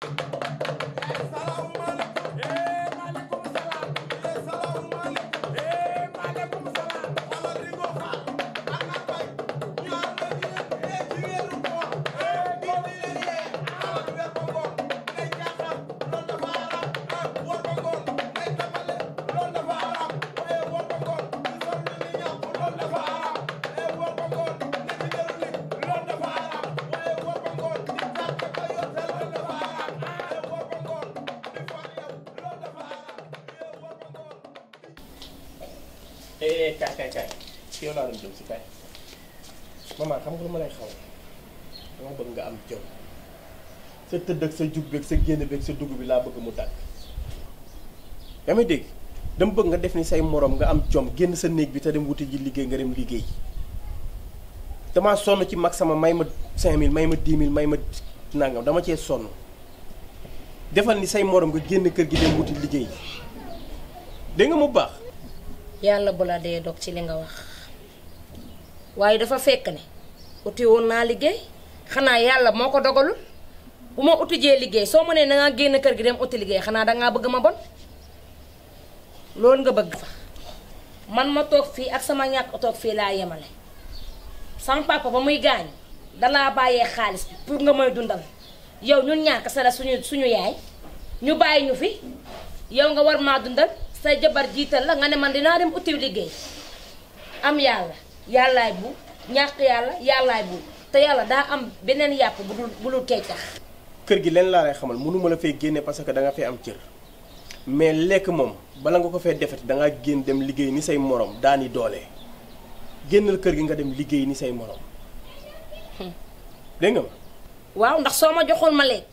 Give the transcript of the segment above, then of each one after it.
Thank you eh kaay kaay kaay kaay maman xam nga lu ma lay xaw dama bëgg nga am jom sa tëdd ak sa jug beeg sa génn beeg sa dugg bi laa bëgg mu dàgg yaa may dégg dama bëgg nga def ni say moroom nga am jom génn sa néeg bi te dem wuti ji liggéey nga dem liggéey damaa sonn ci mag sama may ma 5000 may ma 10 000 may ma nangam dama cee sonn defal ni say moroom nga génn kër gi dem wuti liggéey dégg nga mu baax. yàlla bu la dee dog ci li nga wax waaye dafa fekk ni uti woon naa liggéey xanaa yàlla moo ko dogalul bu ma uti jee liggéey soo ma nee dangaa génn kër gi dem uti liggéey xanaa dangaa bëgg ma bon loolu nga bëgg fa man ma toog fii ak sama ñàkk toog fii laa yemale sama papa ba muy gaañ dalaa bàyyee xaalis pour nga may dundal yow ñun ñàkk sa la suñu suñu yaay ñu bàyyi ñu fi yow nga war maa dundal say jabar jital la nga ne man dina dem uti liggéey am yalla, yàllaay bu yalla, yalla yàllaay bu te yalla da am benen yapu bu bu lu tey tax keur gi len la lay xamal ma la fay genné parce que da nga fay am cieur mais lekk moom bala nga ko fay defet da nga genn dem liggéey ni say morom daani dole gennal keur gi nga dem liggéey ni say morom deng nga waaw ndax soma joxol ma lek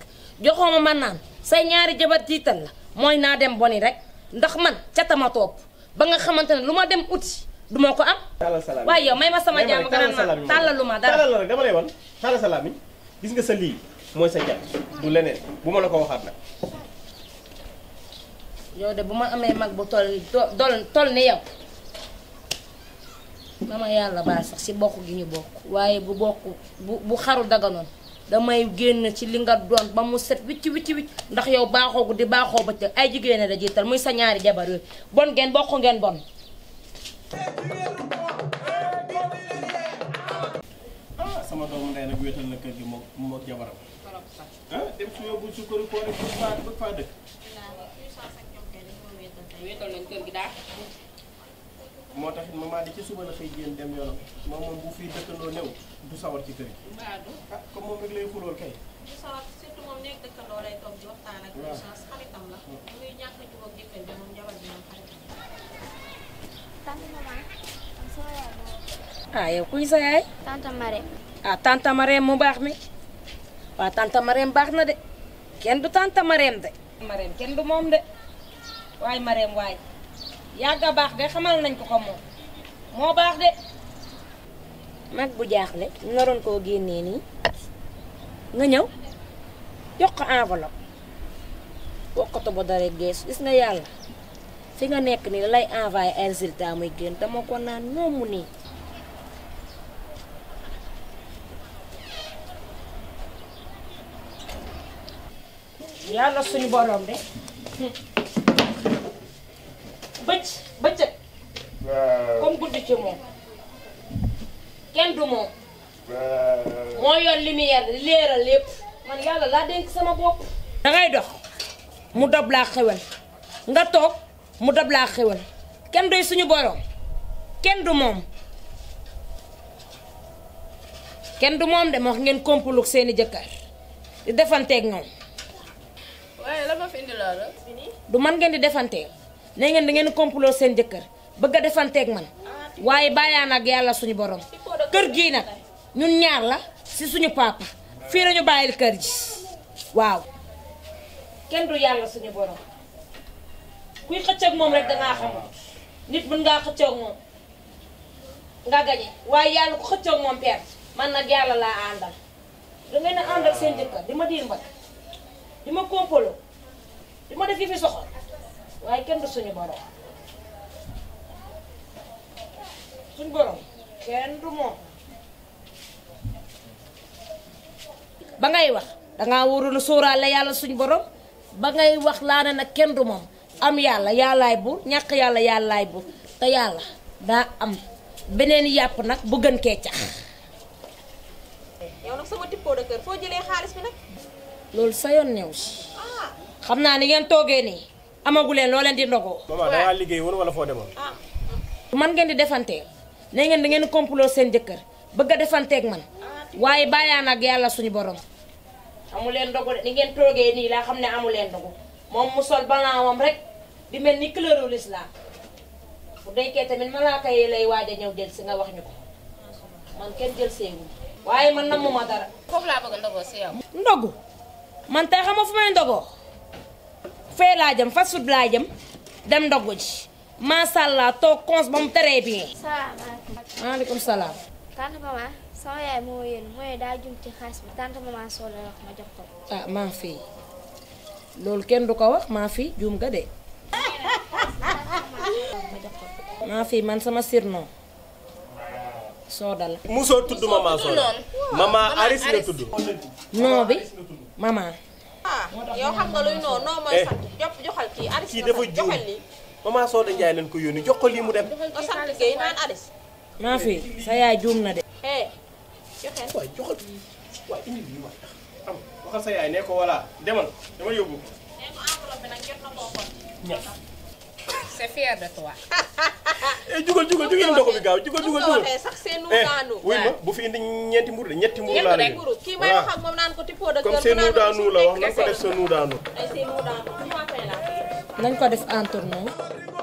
joxoma ma man say ñaari jabar jital la moy na dem boni rek ndax man ca tama top. ba nga xamantene luma dem uti duma ko am. tàllal salam. yow may ma sama jaam gën a ma dara tàllal dama lay won tala salaam gis nga sa li moy sa jaam du lenen buma lako waxat nak yow de buma amé mag bu tol dol tol ni yow mama yalla ba sax si bokku gi ñu bokku waye bu bokku bu xaru daganon damay génn ci li nga doon ba mu set wicc wicc wicc ndax yow baaxoo ko di baaxoo ba ay jigéen a da jiital muy sa ñaari jabar yooyu bon ngeen bokk ngeen bon sama doomu ndey nag wéetal na moo tax it maman di ci suba la xëy jéem dem yoonam moom moom bu dëkkandoo néew du sawar ci kër gi. ah du a jubóog jëkkër bi moom jabar bi moom xaritam. ah yow kuy sa yaay. tante Marème. ah tante Marème mu baax mi waaw tante Marème baax na de kenn du tante Marème de. Marème kenn du moom de waay Marème waay. yàgg a baax de xamal nañ ko ko moom moo baax de mag bu jaaxle naroon koo génnee nii nga ñëw jox ko enveloppe wokkatu ba dara geesu gis nga yàlla fi nga nekk nii lay envoyé ay résultat muy génn dama ko naan noomu nii yàlla suñu borom de bëcc bëccëg comme guddi ci moom kenn du moom moo yor lumière di leeral lépp man yàlla laa dénk sama bopp da ngay dox mu dab laa xewal nga toog mu dab laa xewal kenn doy suñu borom kenn du moom kenn du moom de ma ngeen kompuluk seeni jëkkër di defanteeg ñoom waaye la ma fi indi loolu du man ngeen di defanteel ne ngeen da ngeen complo seen jëkkër bëgg defante ak man waye bayana ak yalla suñu borom kër gi nak ñun ñaar la ci suñu papa fi lañu bayil kër ji waaw kenn du yalla suñu borom kuy ak mom rek nga xam nit nga ngaa ak mom nga gañe waaye yàlla ku ak mom perte man nak yalla la andal da ngeen andal seen di diir mbag di complo dima def yi fi soxal waaye kenn suñu borom suñu borom kenn du moom ba ngay wax dangaa warul suuraale yàlla suñu borom ba ngay wax laa ne nag kenn du moom am yàlla yàllaay buur ñàkk yàlla yàllaay buur te yàlla daa am beneen yàpp nag bu gën kee cax yow nag foo jëlee xaalis bi nag loolu sa yoon new si ah. xam naa ni ngeen toogee nii amagu leen loo leen di ndogo mama da nga liggey won wala foo demoon. Ah. man ngeen di defante ne ngeen da ngeen complot sen jeuker beug defante ak man waye bayana ak yalla suñu borom. amu leen ndogu ni ngeen toge ni la xamne ne amu leen ndogu moom mu sol balaawam rek di melni ni l'islam bu day ke tamen mala kay lay waja ñew del si nga wax ñuko man kenn jël seewul waye man namuma dara. fof la bëgg ndogo si yow. man tay xama fu may fe la jëm fa sud la jëm dem ndogu ji ma allah to cons ba mu très bien. salaamaaleykum. maaleykum tante maman So yaay moo yéen mooy da jum ci xaas bi tante maman so la wax ma jox ko. ah ma fi lol ken du ko wax ma fi jum ga de. ma fi man sama sirno? sodal dal. tuddu tutu sodal mama Aris la tuddu non bi mama yow xam nga luy noonu noo mooy eh. sant jox joxal kii Aris kii dafa juum joxal lii maman Soda Ndiaye leen ko yónni jox ko lii mu dem sa sant Guèye naan Aris maa fi sa yaay juum na de eh joxel waay joxal waay indi sa yaay ne ko voilà demal dama yóbbu eh, c'est fier de toi. Eh, jugal jugal jugal ndox mi gaaw jugal jugal jugal sax seen eh, daanu wuy ma bu fi indi ñeenti mburu de ñetti mburu laa rek kii may wax ak moom naan ko tippoo de comme seen daanu la wax nañ ko def seen daanu nañ ko def en tournoi